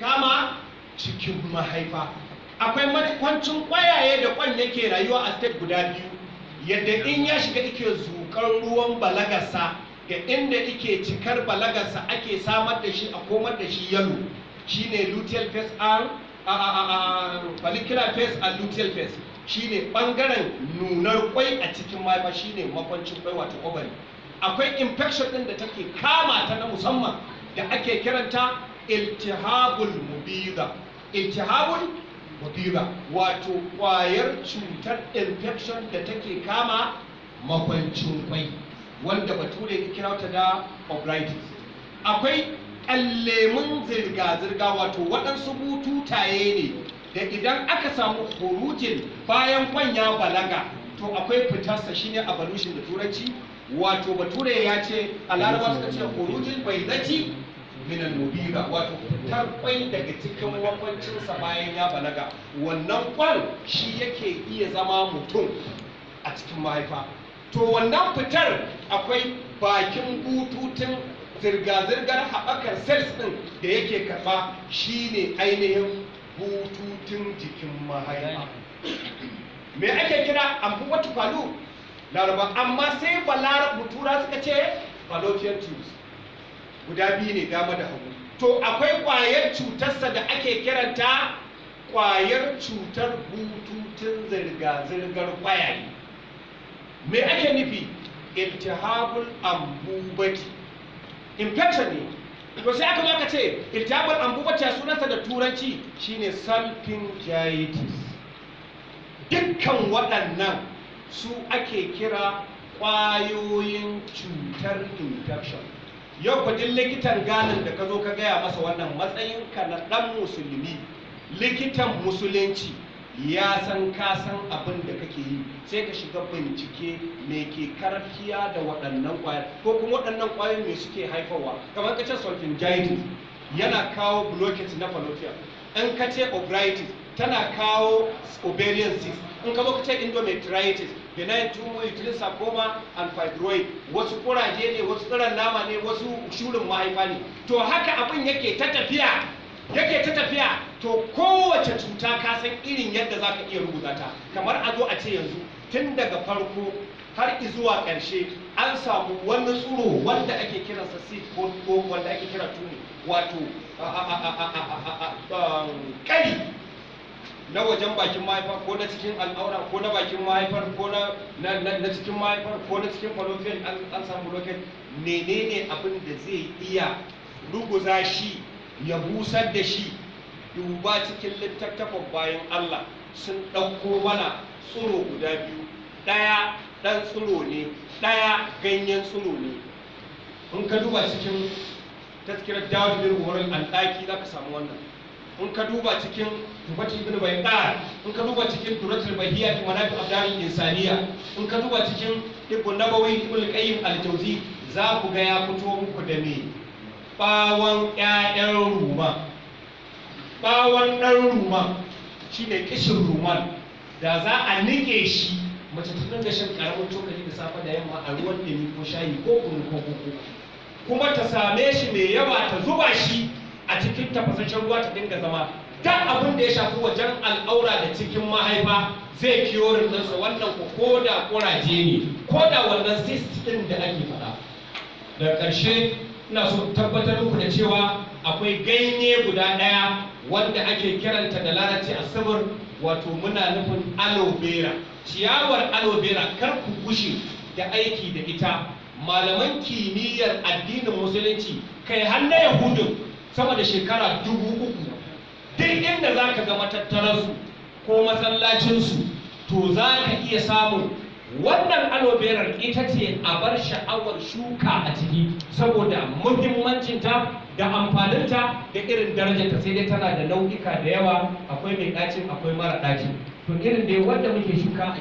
kama cikin mahaifa akwai matukancin kwayaye da kwan yake rayuwa a state guda biyu yadda in ya shiga ike zukar ruwan balagasa, ga inda ike cikar balagasa ake samar da shi a komar da shi yalo shine luteal phase a-a-a, follicular phase and luteal phase shine bangaren nunar kwai a cikin mahaifa shine makwancin kwai wato ovary akwai infection din da take kama ta na musamman da ake kiranta iltihabul mubida iltihabul mubida wato kwayar cutar infection da take kama makwancin kwai wanda bature ya kira ta da obritis akwai kallemin zirga-zirga wato waɗansu bututaye ne da idan aka samu kurujin bayan kwan ya balaga to akwai fitarsa shine evolution da turanci wato bature ya ce a larabar suka ce kurujin bai zaci minan nubiga wato fitar kwai daga cikin makwancinsa bayan ya balaga wannan kwan shi yake iya zama mutum a cikin mahaifa to wannan fitar akwai bakin bututun zirga-zirgar haɓakar sels ɗin da yake karɓa shine ainihin bututun jikin mahaifa me ake kira amfi wata falu laraba amma sai ba tura suka ce fallopian tubes guda biyu ne dama da hagu to akwai ƙwayar cutarsa da ake kiranta ƙwayar cutar bututun zirga-zirgar ƙwayaye me ake nufi iltihabul ambubati infection ne to sai aka zo ce iltihabul ambubati a sunansa da turanci shine salpingitis dukkan waɗannan su ake kira ƙwayoyin cutar infection yau kudin likitan ganin da ka zo ka gaya masa wannan matsayinka na ɗan musulmi likitan musulunci ya san ka san abin da kake yi sai ka shiga bincike me ke karfiya da waɗannan ƙwayar ko kuma waɗannan ƙwayar me suke haifarwa kamar ka ce sulfingitis yana kawo blockage na fallopian in ka ce obritis tana kawo ovarian cyst in ka ka endometritis benign tumor uterine sarcoma and fibroid wasu kuraje ne wasu tsiran nama ne wasu shurin mahaifa ne to haka abin yake ta tafiya yake ta tafiya to kowace cuta ka san irin yadda za ka iya rubuta ta kamar a zo a ce yanzu tun daga farko har zuwa ƙarshe an samu wani tsuro wanda ake kiransa seed ko wanda ake kira tuni wato kari na wajen bakin mahaifa ko na cikin al'aura ko na bakin mahaifar ko na cikin mahaifar ko na cikin falofin an samu lokin menene abin da zai iya ruguza shi ya busar da shi duba cikin littattafan bayan Allah sun ɗauko mana tsuro guda biyu ɗaya ɗan tsiro ne ɗaya ganyen tsuro ne in ka duba cikin tattakirar dawon bin wurin al'aki za ka samu wannan in ka duba cikin tubati ibn bayyana in ka duba cikin duratul bahiya fi manafi abdarin insaniya in ka duba cikin ibn nabawi ibn qayyim al-jawzi za ku ga ya fito muku da me bawon ƴaƴan ruma bawon dan ruma shine kishin ruman da za a nike shi mace ta dinga shan karamin cokali da safe da yamma a ruwan ɗumi ko shayi ko kunu ko koko kuma ta same shi mai yawa ta zuba shi a cikin tafasashen ruwa ta dinga zama ta abin da ya shafi wajen al'aura da cikin mahaifa zai kiyorin ɗinsa wannan ko da kuraje ne ko da wannan cyst ɗin da ake faɗa Da ƙarshe ina so tabbatar muku da cewa akwai ganye guda ɗaya wanda ake kiranta da larabci asabar wato muna nufin aloe ciyawar aloe kar ku gushe da aiki da ita malaman kimiyyar addinin musulunci kai har na yahudun sama da shekara dubu uku duk inda za ka ga matattararsu ko masallacinsu to za ka iya samun wannan aloberar ita ce a bar sha'awar shuka a ciki saboda muhimmancinta da amfaninta da irin darajarta sai dai tana da nau'ika da yawa akwai mai ɗacin akwai mara ɗacin to irin dai wanda muke shuka